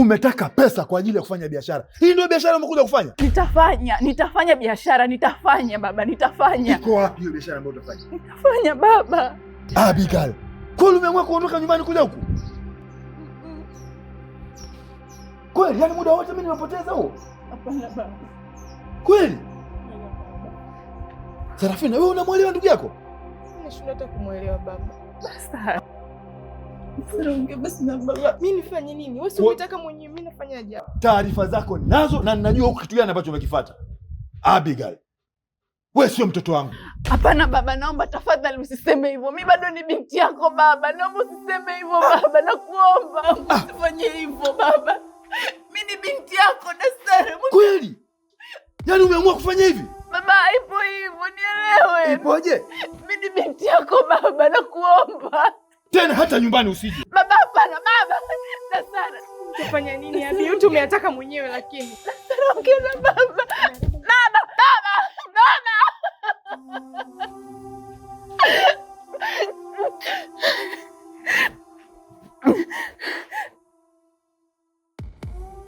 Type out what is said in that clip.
umetaka pesa kwa ajili ya kufanya biashara. Hii ndio biashara umekuja kufanya? Nitafanya, nitafanya biashara, nitafanya baba, nitafanya. Iko wapi hiyo biashara ambayo utafanya? Nitafanya baba. Abigail, kweli umeamua kuondoka nyumbani kuja huku? Kweli? Yaani muda wote mimi nimepoteza huo? Hapana baba. Kweli? Sarafina, wewe unamwelewa ndugu yako? Nimeshindwa hata kumwelewa baba. Basta. Mimi nifanye nini? Wewe unataka mwenyewe, mimi nafanyaje Taarifa zako nazo na ninajua kitu gani ambacho umekifuata. Abigail. Wewe sio mtoto wangu. Hapana baba, naomba tafadhali usiseme hivyo. Mimi bado ni binti yako baba. Naomba usiseme hivyo ah! baba. Nakuomba ah! usifanye hivyo baba. Mimi ni binti yako Dasare. Kweli? Yaani umeamua kufanya hivi? Baba, ipo hivyo, nielewe. Ipoje? Mimi ni binti yako baba, nakuomba tena hata nyumbani usije. Baba, hapana baba. Nasara, utafanya nini abi? Yote umeataka mwenyewe lakini. Nasara, ukienda baba. Baba, baba, baba.